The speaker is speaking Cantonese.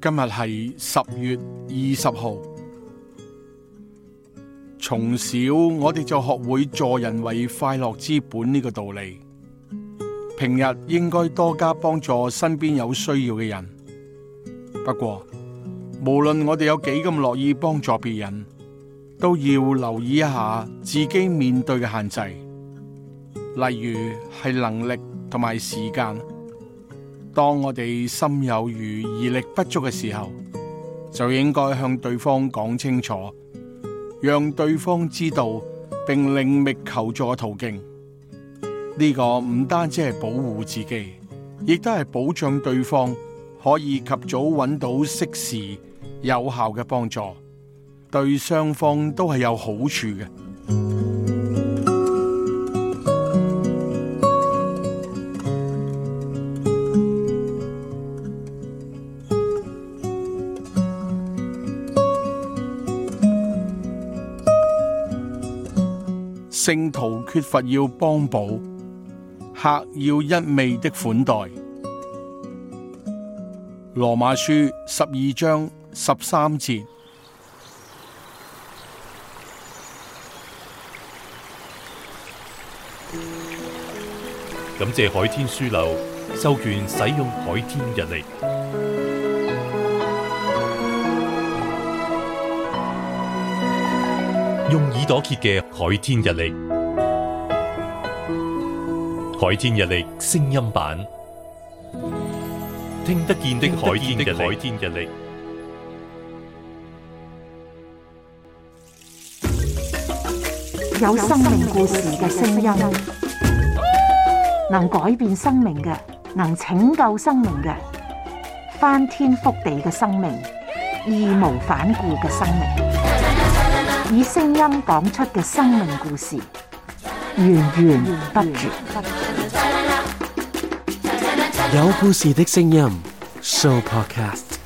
今日係十月二十號。從小我哋就學會助人為快樂之本呢個道理。平日應該多加幫助身邊有需要嘅人。不過，無論我哋有幾咁樂意幫助別人，都要留意一下自己面對嘅限制，例如係能力同埋時間。當我哋心有馀而力不足嘅時候，就應該向對方講清楚，讓對方知道並另覓求助嘅途徑。呢個唔單止係保護自己，亦都係保障對方可以及早揾到適時有效嘅幫助，對雙方都係有好處嘅。聖徒缺乏要幫補，客要一味的款待。羅馬書十二章十三節。感謝海天書樓授權使用海天日曆。用耳朵揭嘅《海天日曆》，《海天日曆》聲音版，聽得見的《海天日曆》，有生命故事嘅聲音，能改變生命嘅，能拯救生命嘅，翻天覆地嘅生命，義無反顧嘅生命。以聲音講出嘅生命故事，源源不絕。有故事嘅聲音，Sooo Podcast。